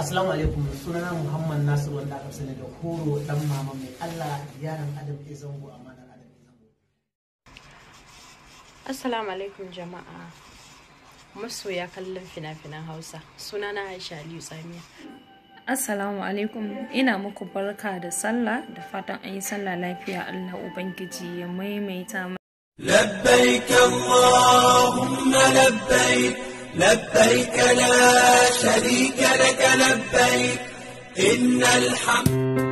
Assalamu alaikum sunana Muhammad Nasiru wanda aka sani da horo dan mama mai Allah yaran Adam ke zango amanar Adam ke zango. Assalamu alaikum jama'a. Masoya kallon fina-finan Hausa sunana Aisha Aliyu Tsamiya. Assalamu alaikum ina muku barka da sallah da fatan an yi sallah lafiya Allah Ubangiji ya maimaita. لبيك Allahumma labbaik لبيك لا شريك لك لبيك إن الحمد